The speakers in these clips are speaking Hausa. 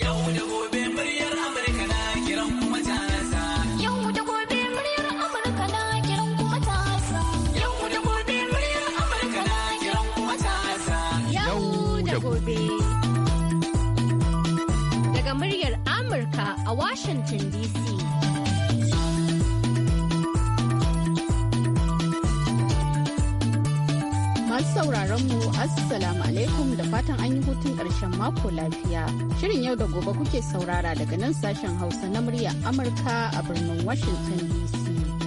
da gobe muryar Amurka na kiran da gobe muryar Amurka na kiran da gobe muryar Amurka na kiran Yau da gobe. Daga muryar Amurka a Washington DC. sauraron mu Assalamu alaikum da fatan an yi hutun ƙarshen mako lafiya. Shirin yau da gobe kuke saurara daga nan sashen Hausa na murya Amurka a birnin Washington DC.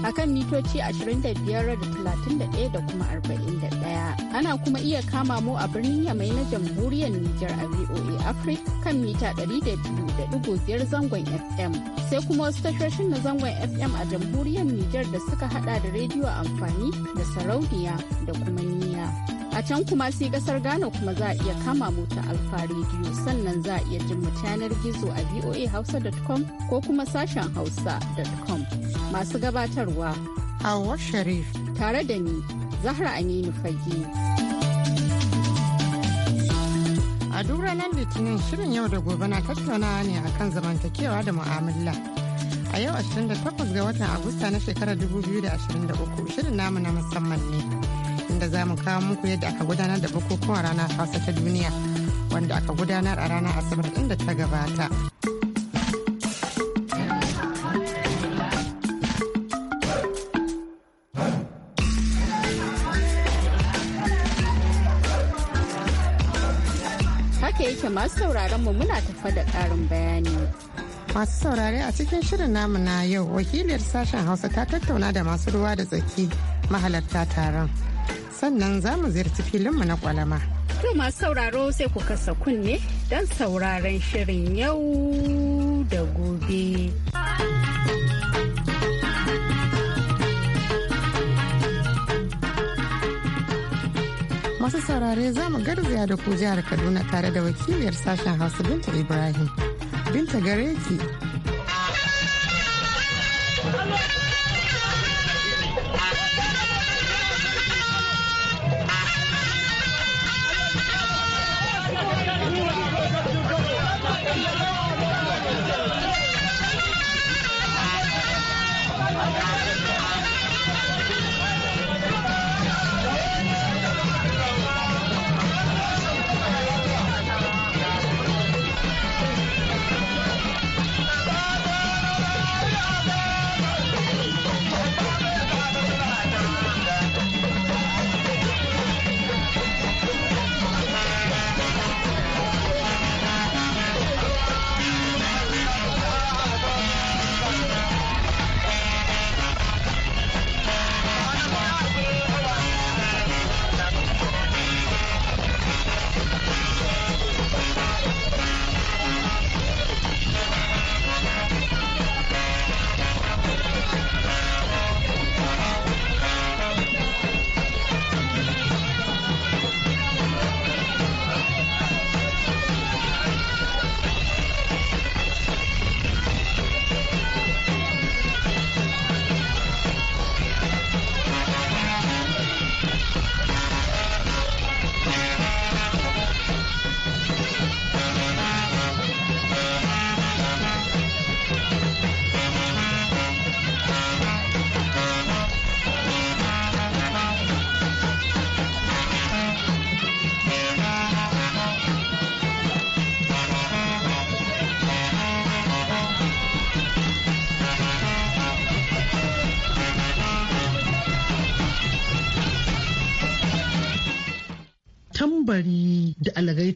a kan mitoci 25.31 da kuma 41. Ana kuma iya kama mu a birnin Yamai na jamhuriyar Nijar a VOA Africa kan mita 200.5 zangon FM. Sai kuma wasu tashoshin na zangon FM a jamhuriyar Nijar da suka hada da rediyo amfani da sarauniya da kuma niya. A can kuma sai kasar Ghana kuma za a iya kama mota alfari Alfa Radio sannan za a iya jin mu yanar gizo a voahausa.com ko kuma sashen hausa.com. Masu gabatarwa. Hawa Sharif. Tare da ni, Zahra Aminu Fage. A duk ranar Litinin shirin yau da gobe na tattaunawa ne akan zamantakewa da mu'amala. a yau 28 ga watan agusta na shekarar 2023 shirin namu na musamman ne inda za mu kawo muku yadda aka gudanar da bukukuwan rana fasa ta duniya wanda aka gudanar a ranar asabar inda ta gabata. Haka yake masu sauraron mu muna tafa da ƙarin bayani. masu saurare a cikin shirin namu na yau wakiliyar sashen hausa ta tattauna da masu ruwa da tsaki mahalarta taron sannan za mu ziyarci filinmu na kwalama. To masu sauraro sai ku kasa kunne don sauraron shirin yau da gobe. Masu saurare za mu garzaya da ku jihar Kaduna tare da wakiliyar sashen Hausa Binta Ibrahim. Binta gare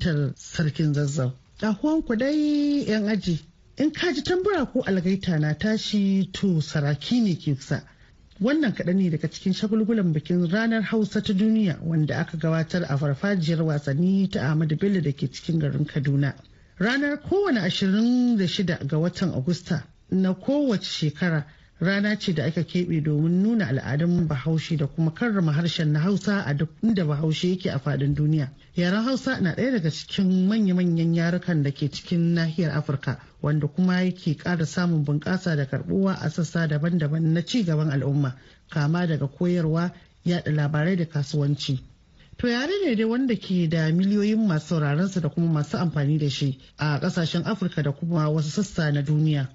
gaitar sarkin zazzau. ku dai 'yan aji, in ka ji tambura ko algaita na tashi to saraki ne ke kusa. Wannan kaɗan ne daga cikin shagulgulan bikin ranar Hausa ta duniya wanda aka gabatar a farfajiyar wasanni ta Ahmadu Bello da ke cikin garin Kaduna. Ranar kowane 26 ga watan Agusta na kowace shekara rana ce da aka keɓe domin nuna al'adun bahaushe da kuma karrama harshen na hausa a duk inda bahaushe yake a faɗin duniya yaren hausa na ɗaya daga cikin manya-manyan yarukan da ke cikin nahiyar afirka wanda kuma yake ƙara samun bunƙasa da karɓuwa a sassa daban-daban na ci gaban al'umma kama daga koyarwa yaɗa labarai da kasuwanci To yare ne dai wanda ke da miliyoyin masu sauraron da kuma masu amfani da shi a ƙasashen Afirka da kuma wasu sassa na duniya.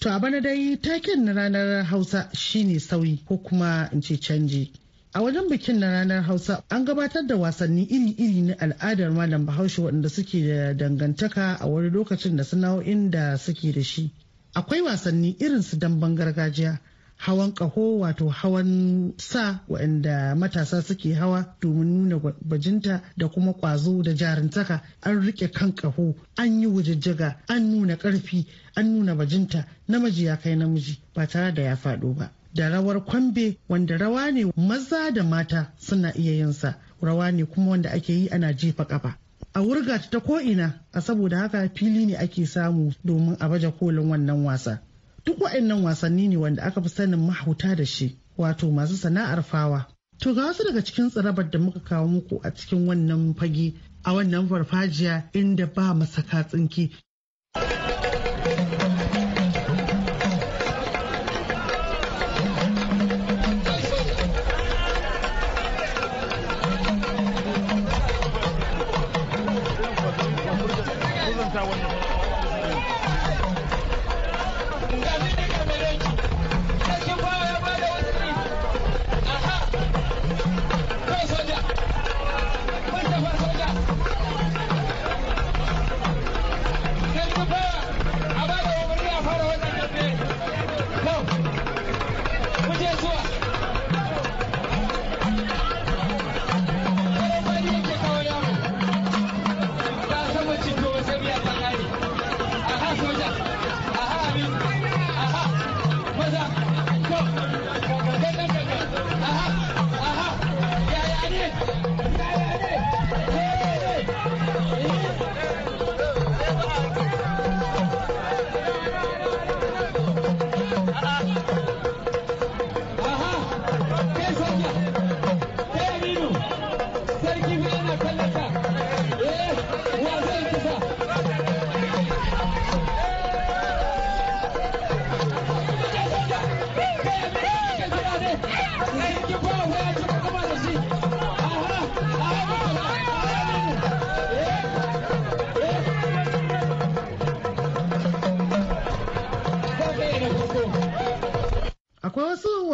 To a bana dai taken na ranar Hausa shine sauyi ko kuma in ce canji. A wajen bikin na ranar Hausa an gabatar da wasanni iri-iri na al'adar Malam Bahaushe waɗanda suke da dangantaka a wani lokacin da sana'o'in da suke da shi. Akwai wasanni irin su damben gargajiya hawan ƙaho wato hawan sa waɗanda matasa suke hawa domin nuna bajinta da kuma ƙwazo da jarintaka an rike kan ƙaho an yi wujijjaga an nuna karfi an nuna bajinta namiji ya kai namiji ba tare da ya faɗo ba da rawar kwambe wanda rawa ne maza da mata suna iya yinsa rawa ne kuma wanda ake yi ana jefa kafa a wurga ta ko'ina a saboda haka fili ne ake samu domin a baje kolin wannan wasa duk waɗannan wasanni ne wanda aka fi sanin mahauta da shi wato masu sana'ar fawa to ga wasu daga cikin tsirabar da muka kawo muku a cikin wannan fage a wannan farfajiya inda ba masaka tsinki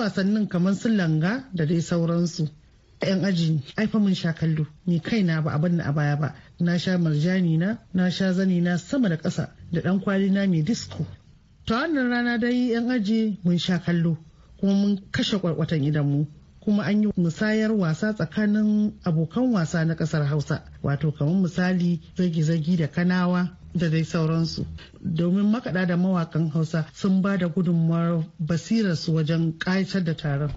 wasannin kamar su langa da dai sauransu yan aji aifa mun sha kallo ni kaina ba abin a baya ba na sha marjani na na sha zani na sama da ƙasa da dan kwali na mai disco ta wannan rana dai yan aji mun sha kallo kuma mun kashe kwarkwatan idanmu kuma an yi musayar wasa tsakanin abokan wasa na ƙasar hausa wato kamar misali zagi-zagi da kanawa da dai sauransu domin makaɗa da mawakan hausa sun ba da gudunmawar basirarsu wajen ƙayatar da taron.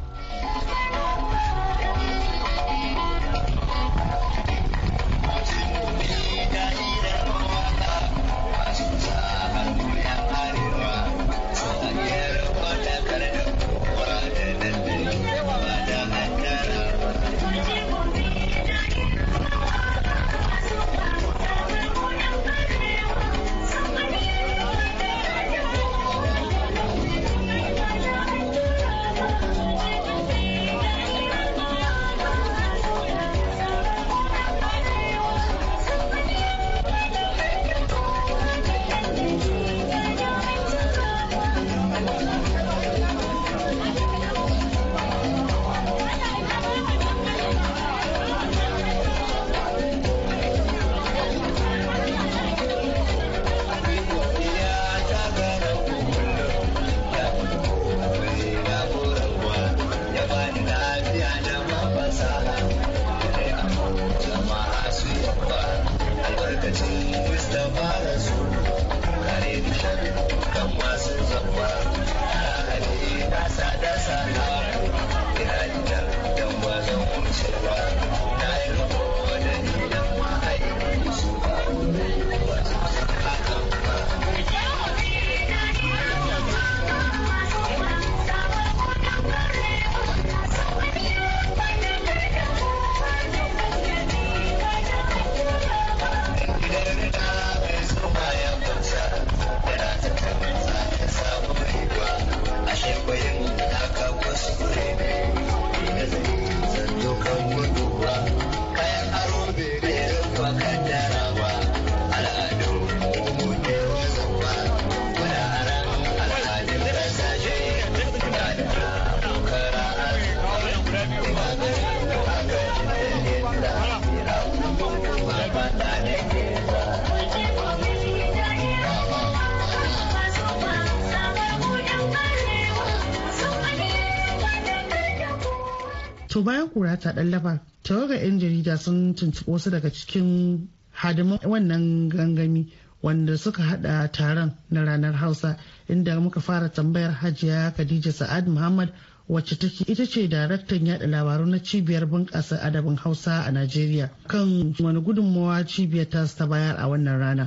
to bayan kura ta ɗallaba tawaga 'yan jarida sun tuntuɓi wasu daga cikin hadiman wannan gangami wanda suka hada taron na ranar hausa inda muka fara tambayar hajiya khadija sa'ad muhammad wacce take ita ce daraktan yada labaru na cibiyar bunƙasa adabin hausa a najeriya kan wani gudunmawa cibiyar ta bayar a wannan rana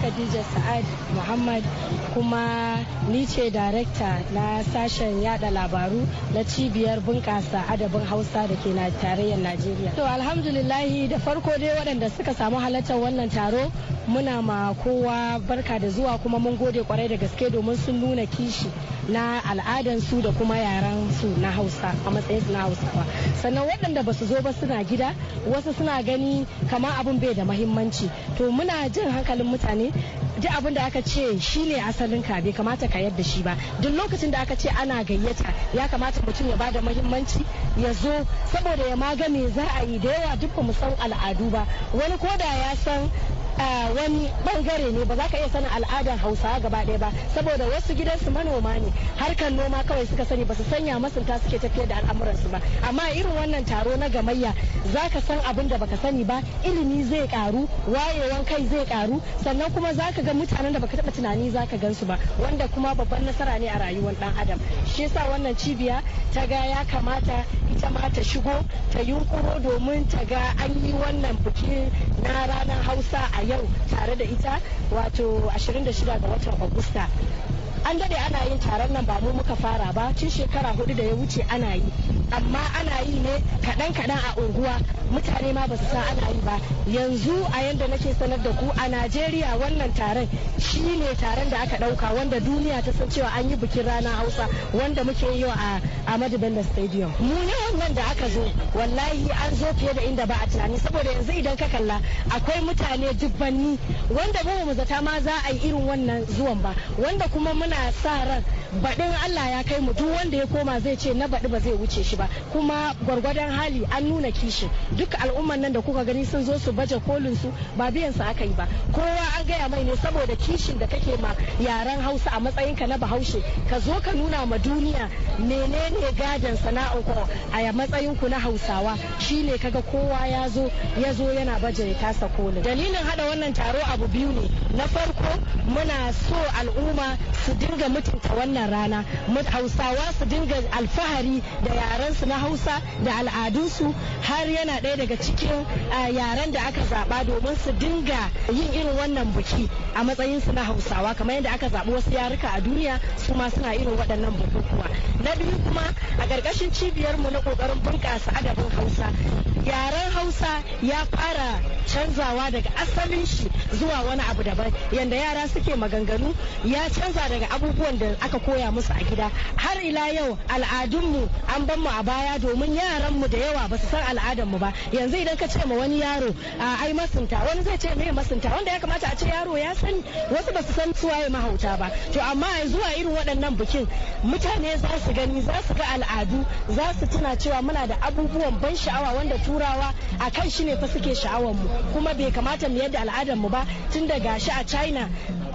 Khadija Sa'ad Muhammad kuma ni ce darekta na sashen yada labaru na cibiyar bunƙasa adabin Hausa da ke na tarayyar Najeriya. To alhamdulillahi da farko dai waɗanda suka samu halartar wannan taro muna ma kowa barka da zuwa kuma mun gode kwarai da gaske domin sun nuna kishi na su da kuma yaran su na hausa a matsayin su na hausawa sannan waɗanda ba su zo ba suna gida wasu suna gani kamar abin bai da mahimmanci to muna jin hankalin mutane duk abin da aka ce shi ne asalin ka bai kamata ka yadda shi ba duk lokacin da aka ce ana gayyata ya kamata mutum ya bada muhimmanci ya zo saboda ya maga za a yi da yawa duk mu san al'adu ba wani koda ya san wani bangare ne ba za ka iya sanin al'adar hausawa gaba ɗaya ba saboda wasu gidansu manoma ne harkar noma kawai suka sani ba su sanya masunta suke tafiyar da al'amuransu ba amma irin wannan taro na gamayya za ka san abin da baka sani ba ilimi zai karu wayewan kai zai karu sannan kuma za ka ga mutanen da baka taɓa tunani za ka gansu ba wanda kuma babban nasara ne a rayuwar ɗan adam shi yasa wannan cibiya ta ga ya kamata ita ma ta shigo ta yunkuro domin ta ga an yi wannan biki na ranar hausa a a yau tare da ita wato 26 ga watan Agusta. An dade ana yin taron nan ba mu muka fara ba tun shekara hudu da ya wuce ana yi amma ana yi ne kaɗan kaɗan a unguwa mutane ma ba su san ana yi ba yanzu a yanda nake sanar da ku a najeriya wannan taron shi ne taron da aka ɗauka wanda duniya ta san cewa an yi bikin ranar hausa wanda muke yi a ahmadu stadium mu ne wannan da aka zo wallahi an zo fiye da inda ba a tunani saboda yanzu idan ka kalla akwai mutane dubbanni wanda mu mu zata ma za a yi irin wannan zuwan ba wanda kuma muna sa ran baɗin Allah ya kai mu duk wanda ya koma zai ce na baɗi ba zai wuce shi ba kuma gwargwadon hali an nuna kishi duk al'umman nan da kuka gani sun zo su baje kolin su ba biyan su aka yi ba kowa an gaya mai ne saboda kishin da kake ma yaren Hausa a matsayin ka na Bahaushe ka zo ka nuna ma duniya menene gadon sana'ar ku a matsayin ku na Hausawa shine kaga kowa ya zo ya zo yana baje ya tasa kolin dalilin hada wannan taro abu biyu ne na farko muna so al'umma su dinga mutunta wannan wannan rana hausawa su dinga alfahari da yarensu na hausa da al'adunsu har yana ɗaya daga cikin yaren da aka zaɓa domin su dinga yin irin wannan buki a matsayinsu na hausawa kamar yadda aka zaɓi wasu yaruka a duniya su ma suna irin waɗannan bukukuwa na biyu kuma a ƙarƙashin cibiyarmu na ƙoƙarin bunƙasa adabin hausa yaren hausa ya fara canzawa daga asalin shi zuwa wani abu daban yadda yara suke maganganu ya canza daga abubuwan da aka koya musu a gida har ila yau al'adunmu an ban mu a baya domin yaranmu da yawa ba su san al'adarmu ba yanzu idan ka ce ma wani yaro a ai masunta wani zai ce me masunta wanda ya kamata a ce yaro ya sani wasu ba su san suwaye mahauta ba to amma zuwa irin waɗannan bikin mutane za su gani za su ga al'adu za su tuna cewa muna da abubuwan ban sha'awa wanda turawa a kan shi ne fa suke sha'awar mu kuma bai kamata mu yadda al'adar mu ba tun da gashi a china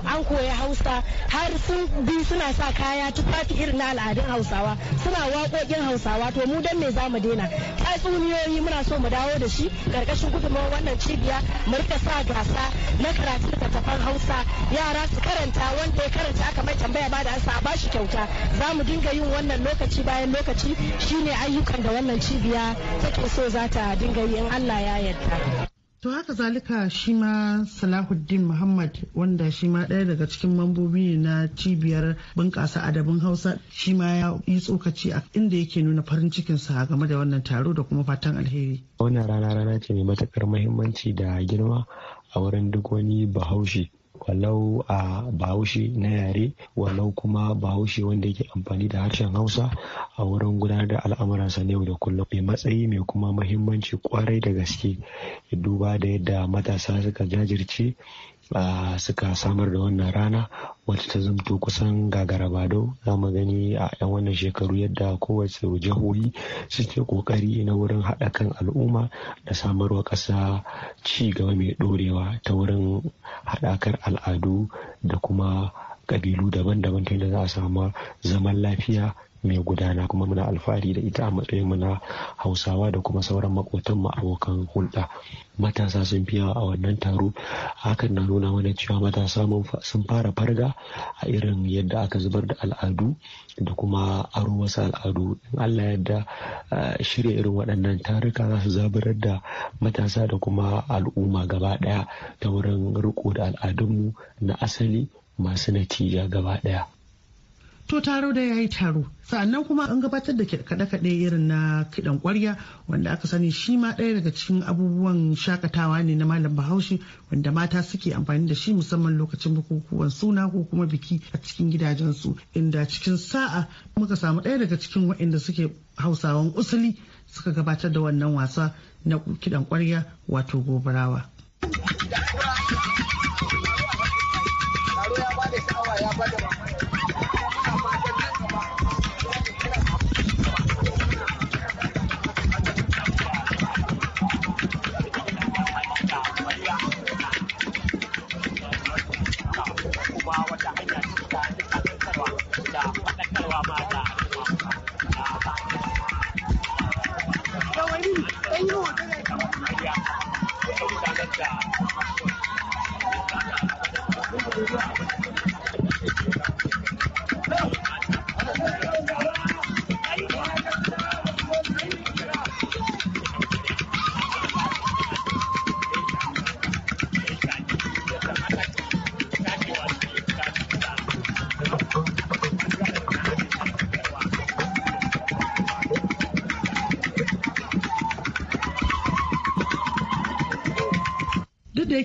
an koya hausa har sun bi suna sa kaya tufafi irin na al'adun hausawa suna waƙoƙin hausawa to mu dan me za mu daina tatsuniyoyi muna so mu dawo da shi karkashin gudunmawar wannan cibiya mu rika sa gasa na karatu tattafan hausa yara su karanta wanda ya karanta aka mai tambaya ba da ansa a bashi kyauta za mu dinga yin wannan lokaci bayan lokaci shine ayyukan da wannan cibiya take so za ta a dinga yi in Allah ya yarda. To haka zalika shi ma Salahuddin Muhammad wanda shi ma ɗaya daga cikin mambobi na cibiyar bunƙasa adabin Hausa shi ma ya yi tsokaci a inda yake nuna farin cikinsa game da wannan taro da kuma fatan alheri. Wannan rana rana ce mai matuƙar muhimmanci da girma a wurin duk wani bahaushe walau a bahaushe na yare walau kuma bahaushe wanda yake amfani da harshen hausa a wurin gudanar da al'amuransa na yau da kullum mai matsayi mai kuma mahimmanci kwarai da gaske duba da yadda matasa suka jajirce suka samar da wannan rana wacce ta zamto kusan gagarabado za mu gani a 'yan wannan shekaru yadda kowace jihohi suke kokari na wurin haɗa kan al'umma da samarwa ƙasa ci gaba mai ɗorewa ta wurin haɗakar al'adu da kuma ƙabilu daban-daban ta yadda za a samu zaman lafiya mai gudana kuma muna alfahari da ita a matsayin mu na hausawa da kuma sauran makotan mu abokan hulɗa matasa sun fi yawa a wannan taro hakan na nuna mana cewa matasa sun fara farga a irin yadda aka zubar da al'adu da kuma aro wasu al'adu in allah yadda shirya irin waɗannan taruka za su zaburar da matasa da kuma al'umma gaba ɗaya ta wurin riko da al'adunmu na asali masu natija gaba ɗaya to taro da ya yi taro sa'annan kuma an gabatar da kaɗe-kaɗe irin na kiɗan ƙwarya wanda aka sani shi ma ɗaya daga cikin abubuwan shakatawa ne na malam bahaushe wanda mata suke amfani da shi musamman lokacin bukukuwan suna ko kuma biki a cikin gidajensu inda cikin sa'a muka samu ɗaya daga cikin waɗanda suke hausawan usuli suka gabatar da wannan wasa na kiɗan ƙwarya wato gobarawa. ya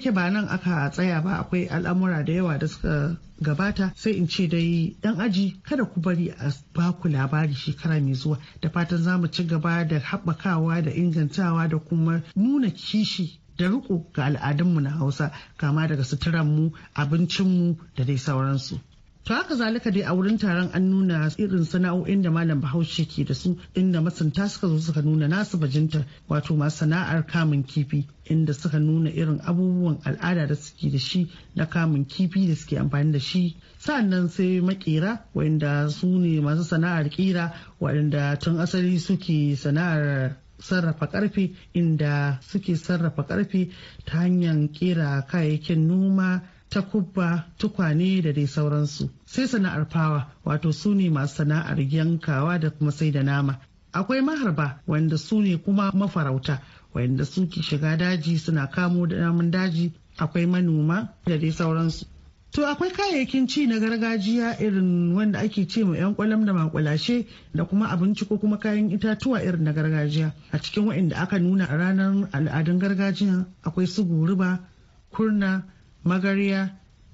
yake ba nan aka tsaya ba akwai al'amura da yawa da suka gabata sai in ce dai dan aji kada ku bari a baku labari shekara mai zuwa da fatan za mu ci gaba da haɓakawa da ingantawa da kuma nuna kishi da riko ga al'adunmu na hausa kama daga suturanmu abincinmu da dai sauransu. To haka zalika dai a wurin taron an nuna irin sana'o'in da malam bahaushe ke da su inda masunta suka zo suka nuna nasu bajinta wato masu sana'ar kamun kifi inda suka nuna irin abubuwan al'ada da suke da shi na kamun kifi da suke amfani da shi sa'annan sai makera wanda su ne masu sana'ar kira waɗanda tun asali suke sana'ar sarrafa karfe inda suke sarrafa karfe ta hanyar kera kayayyakin noma takubba tukwane da dai sauransu sai sana'ar fawa wato su ne masu sana'ar yankawa da kuma sai da nama akwai maharba wanda su ne kuma mafarauta wanda suke shiga daji suna kamo da namun daji akwai manoma da dai sauransu To akwai kayayyakin ci na gargajiya irin wanda ake ce ma 'yan kwalam da makulashe da kuma abinci ko kuma kayan itatuwa irin na gargajiya. A cikin waɗanda aka nuna a ranar al'adun gargajiya akwai su guriba, kurna, magarya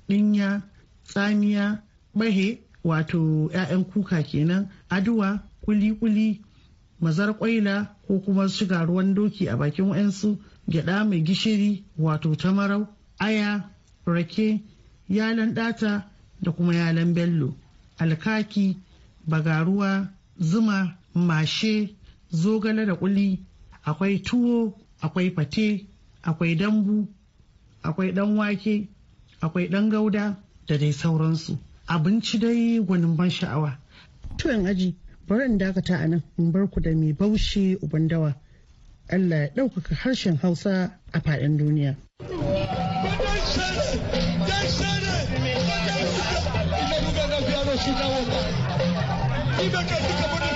ɗinya tsamiya ɓahe wato 'ya'yan kuka kenan aduwa kuli-kuli mazar kwaila ko kuma shiga ruwan doki a bakin wa'yansu gyada mai gishiri wato tamarau aya rake yalan ɗata da kuma yalan bello alkaki bagaruwa zuma mashe zogale da kuli akwai tuwo akwai fate akwai dambu akwai ɗan wake akwai ɗan gauda da dai sauransu abinci dai gwanin ban sha'awa to aji bari in dakata a nan in bar ku da mai baushe uban dawa Allah ya ɗaukaka harshen Hausa a faɗin duniya. Ibe ka bude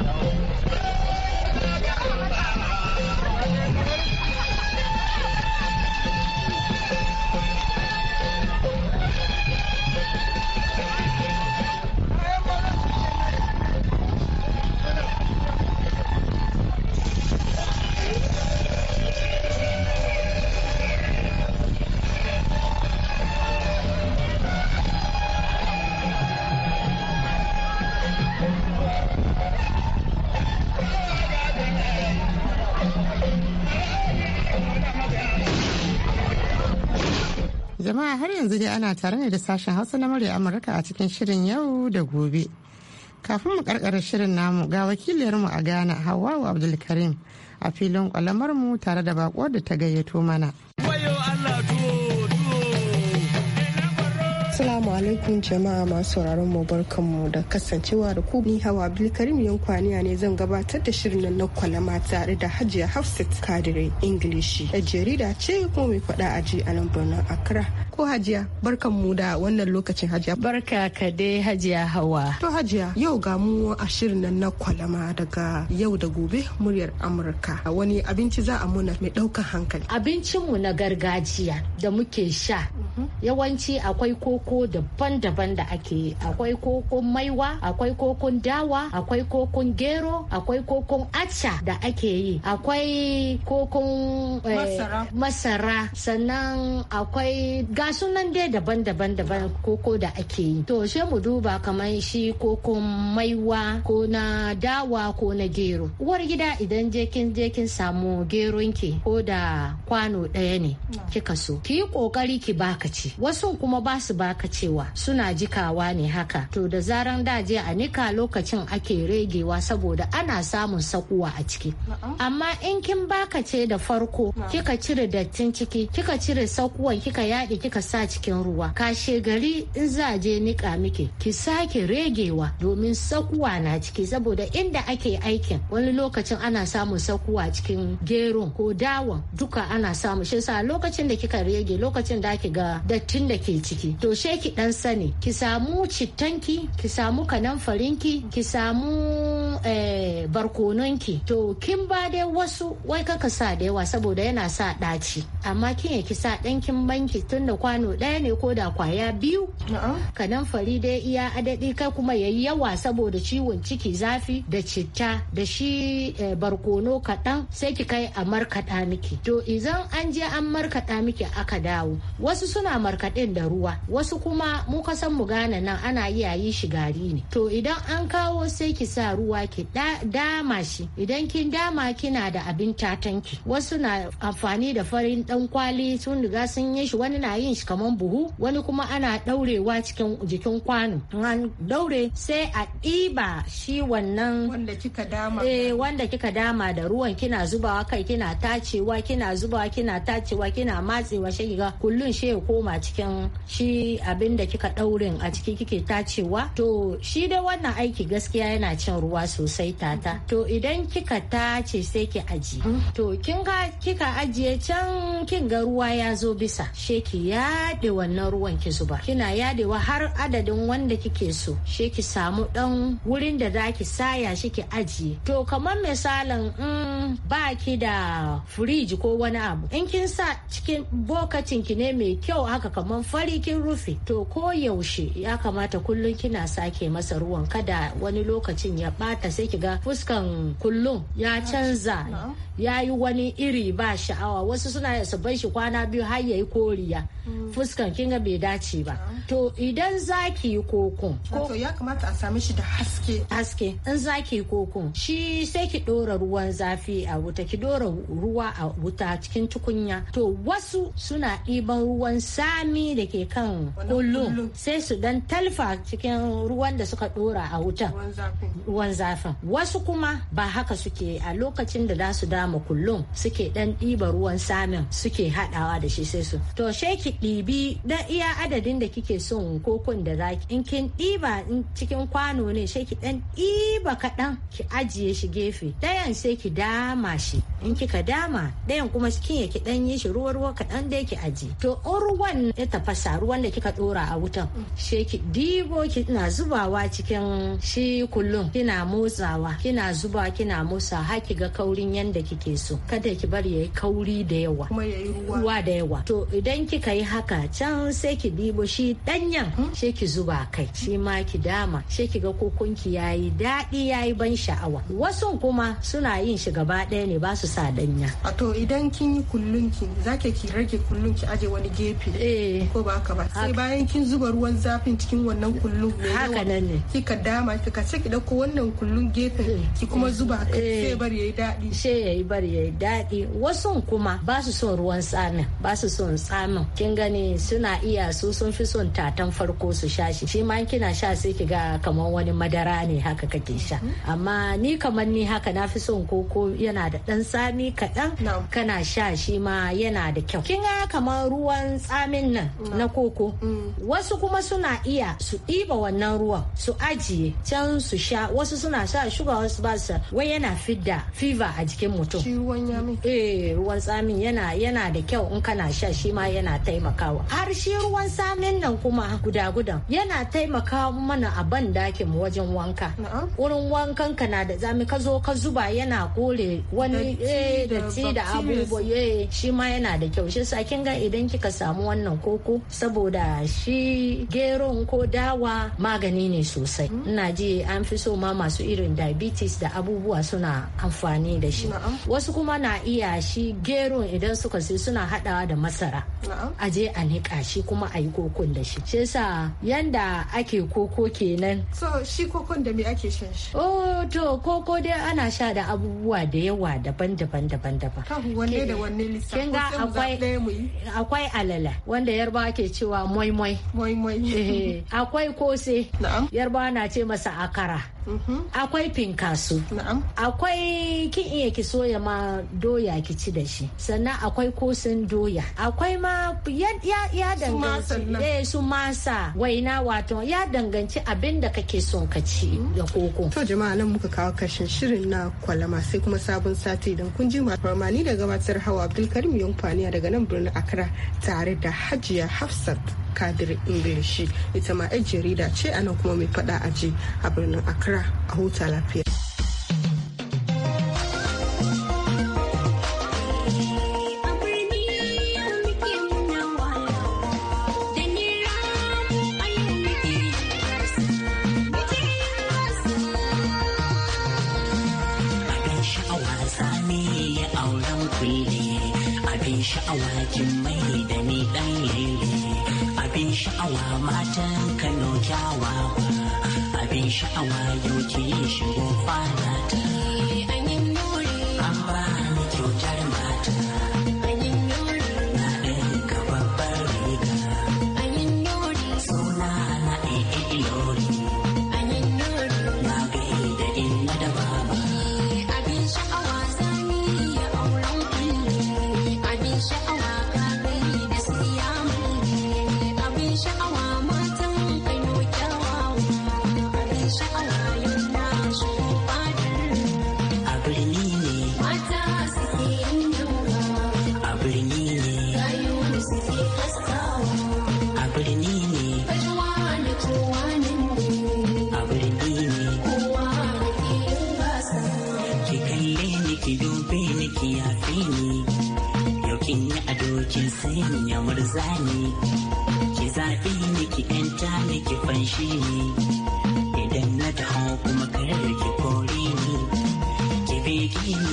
Thank you. Jama'a har yanzu dai ana tare ne da sashen Hausa na murya Amurka a cikin shirin yau da gobe. Kafin mu karkara shirin namu ga wakiliyarmu a Ghana Hawwa Abdulkarim a filin kwalamar mu tare da bako da ta gayyato mana. Assalamu alaikum jama'a masu sauraron mu barkanmu da kasancewa da ku ni hawa Abdulkarim Yankwaniya ne zan gabatar da shirin nan na kwalama tare da Hajiya Hafsat Kadire Ingilishi. a jarida ce kuma mai faɗa a ji a nan birnin Accra. ko hajiya barkan mu da wannan lokacin hajiya barka ka dai hajiya hawa to hajiya yau ga mu a shirin nan na kwalama daga yau da gobe muryar amurka wani abinci za a muna mai daukan hankali abincin mu na gargajiya da muke sha mhm. yawanci akwai koko daban-daban da ake yi akwai kokon maiwa akwai kokon dawa akwai kokon gero akwai kokon acha da ake yi akwai kokon eh, masara sannan akwai ga sunan dai daban-daban daban koko da ake yi to she mu duba kamar shi koko maiwa ko na dawa ko na gero uwar gida idan je kin je kin samu geron ki ko da kwano ɗaya ne kika so ki yi kokari ki baka ci wasu kuma ba su baka cewa suna jikawa ne haka to da zaran daje a nika lokacin ake regewa saboda ana samun sakuwa a ciki amma in kin baka ce da farko kika cire dattin ciki kika cire sakuwan kika yaɗe kika kika sa cikin ruwa kashe gari in za je nika miki ki sake regewa domin sakuwa na ciki saboda inda ake aikin wani lokacin ana samun sakuwa cikin gero ko dawan duka ana samu shi sa lokacin da kika rege lokacin da ake ga dattin da ke ciki to she ki dan sani ki samu cittanki ki samu farinki ki samu eh, barkononki to kin ba dai wasu wai kaka sa da yawa saboda yana sa ɗaci amma kin ya ki sa ɗan kin banki tun da kwano ɗaya ne ko da kwaya biyu kanamfari dai iya adadi kai kuma ya yi yawa saboda ciwon ciki zafi da citta da shi eh, barkono kaɗan sai ki kai a markaɗa miki to idan an je an markaɗa miki aka dawo wasu suna markaɗin da ruwa wasu kuma mu san mu gane nan ana iya yi shi gari ne to idan an kawo sai ki sa ruwa ki dama shi idan kin dama kina da abin tatanki wasu na amfani da farin dan kwali sun riga sun yi shi wani na yin shi kaman buhu wani kuma ana daurewa cikin jikin kwano an daure sai a ɗiba shi wannan wanda kika dama eh, wanda kika dama da ruwan kina zubawa kai kina tacewa kina zubawa kina tacewa kina matsewa shi ga kullun shi ya koma cikin shi abin da kika daurin a ciki kike tacewa to shi dai wannan aiki gaskiya yana cin ruwa sosai tata to idan kika tace sai ki aji to kin ga kika ajiye can kin ga ruwa ya zo bisa sheki ya yaɗe wannan ruwan ki zuba kina yadewa har adadin wanda kike so shi ki samu dan wurin da zaki saya shi ki ajiye to kamar misalin in mm, ba ki da firiji ko wani abu in kin sa cikin bokatin ki ne mai kyau haka kamar fari kin rufe to ko yaushe ya kamata kullum kina sake masa ruwan kada wani lokacin ya bata sai ki ga fuskan kullum ya canza ya yi wani iri ba sha'awa wasu suna su bar shi kwana biyu har ya yi koriya fuskan kinga bai dace ba to idan zaki yi kokon to ya kamata a same shi da haske haske in zaki yi kun shi sai ki dora ruwan zafi a wuta ki dora ruwa a wuta cikin tukunya to wasu suna ɗiban ruwan sami da ke kan kullum sai su dan talfa cikin ruwan da suka dora a wuta. ruwan zafin wasu kuma ba haka suke a lokacin da za su dama kullum suke dan ɗiba ruwan samin suke haɗawa da shi sai su to sheki ɗibi da iya adadin da kike son kokon da zaki in kin ɗiba cikin kwano ne sai ki ɗan ɗiba kaɗan ki ajiye shi gefe ɗayan sai ki dama shi in kika dama ɗayan kuma kin ya ki ɗan yi shi ruwa ruwa kaɗan dai ki ajiye to ruwan ya tafasa ruwan da kika ɗora a wutan sai ki ɗibo ki na zubawa cikin shi kullum kina motsawa kina zuba kina motsa har ki ga kaurin yanda kike so kada ki bari yayi kauri da yawa kuma yayi ruwa da yawa to idan kika yi haka can sai ki ɗibo shi ɗanyen hmm? sai ki zuba kai shi ma ki dama sai ki ga ya yi daɗi yi ban sha'awa wasu kuma suna yin shi gaba ɗaya ne ba su sa ɗanya. A to idan kin yi kullun ki za ki rage kullun ki aje wani gefe. Eh. Ko ba ka ba. Sai bayan kin zuba ruwan zafin cikin wannan kullun. Haka nan ne. Kika dama kika sai ki ɗauko wannan kullun gefen eh. ki kuma eh. zuba kai eh. sai ya yayi daɗi. Sai yayi ya yayi daɗi. Wasu kuma ba su son ruwan tsamin ba su son tsamin kin gani suna iya su sun fi son tatan farko su sha shi shi ma kina sha sai ki ga kamar wani madara ne haka kake sha amma ni kamar ni haka na fi son koko yana da dan tsami kaɗan kana sha shi ma yana da kyau kin ga kamar ruwan tsamin nan na koko mm. wasu kuma suna iya su ɗiba wannan ruwan su ajiye can su sha wasu suna sha shuga wasu ba su wai yana fidda fever a jikin mutum eh, ruwan tsamin yana yana da kyau in kana sha shi ma yana taimaka taimakawa har shi ruwan samin nan kuma guda gudan yana taimaka mana a ban dakin wajen wanka wurin wankan ka na da zami ka zo ka zuba yana kore wani da ci eh, da abubuwa eh, shi ma yana da kyau shi sa kin ga idan kika samu wannan koko saboda shi geron ko dawa magani ne sosai mm. ina ji an fi so ma masu irin diabetes da abubuwa suna amfani da shi wasu kuma na iya shi geron idan suka sai suna hadawa da masara a je a niƙa shi kuma a yi kokon da shi shi sa yanda ake koko kenan so shi kokon da me ake shan shi oh to koko dai ana sha da abubuwa da yawa daban-daban daban-daban wanne da wanne lissafi akwai akwai alala wanda yarba ke cewa moimoi moimoi eh, akwai kose yarba na ce masa akara akwai finkasu akwai kin iya ki soya ma doya ki ci da shi sannan akwai kosin doya akwai ma ya danganci eh, su masa waina wato ya danganci abin da kake son ka ci da koko to jama'a nan muka kawo kashin shirin na kwalama sai kuma sabon sati idan kun ji ni da gabatar hawa abdulkarim yankwaniya daga nan birnin akara tare da hajiya hafsat kadir ingilishi ita ma 'yan jarida ce ana kuma mai faɗa aji a birnin accra a huta lafiya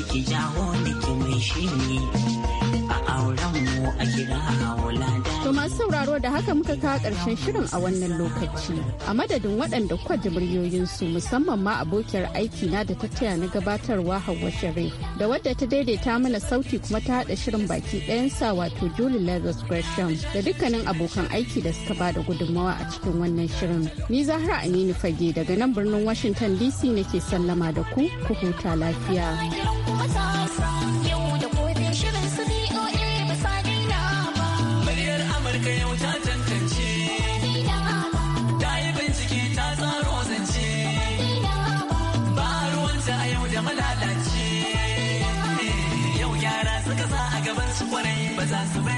谁叫我你就没虚你。a To masu sauraro da haka muka kawo ƙarshen shirin a wannan lokaci. A madadin waɗanda kwa su musamman ma abokiyar aiki na da ta taya na gabatarwa Hauwa shirin da wadda ta daidaita mana sauti kuma ta haɗa shirin baki ɗayan sa wato juli Lazarus Gresham da dukkanin abokan aiki da suka ba da gudunmawa a cikin wannan shirin. Ni Zahra Aminu Fage daga nan birnin Washington DC nake sallama da ku ku huta lafiya. the us.